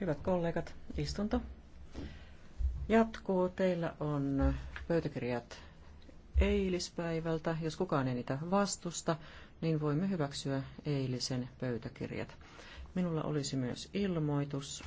Hyvät kollegat, istunto jatkuu. Teillä on pöytäkirjat eilispäivältä. Jos kukaan ei niitä vastusta, niin voimme hyväksyä eilisen pöytäkirjat. Minulla olisi myös ilmoitus.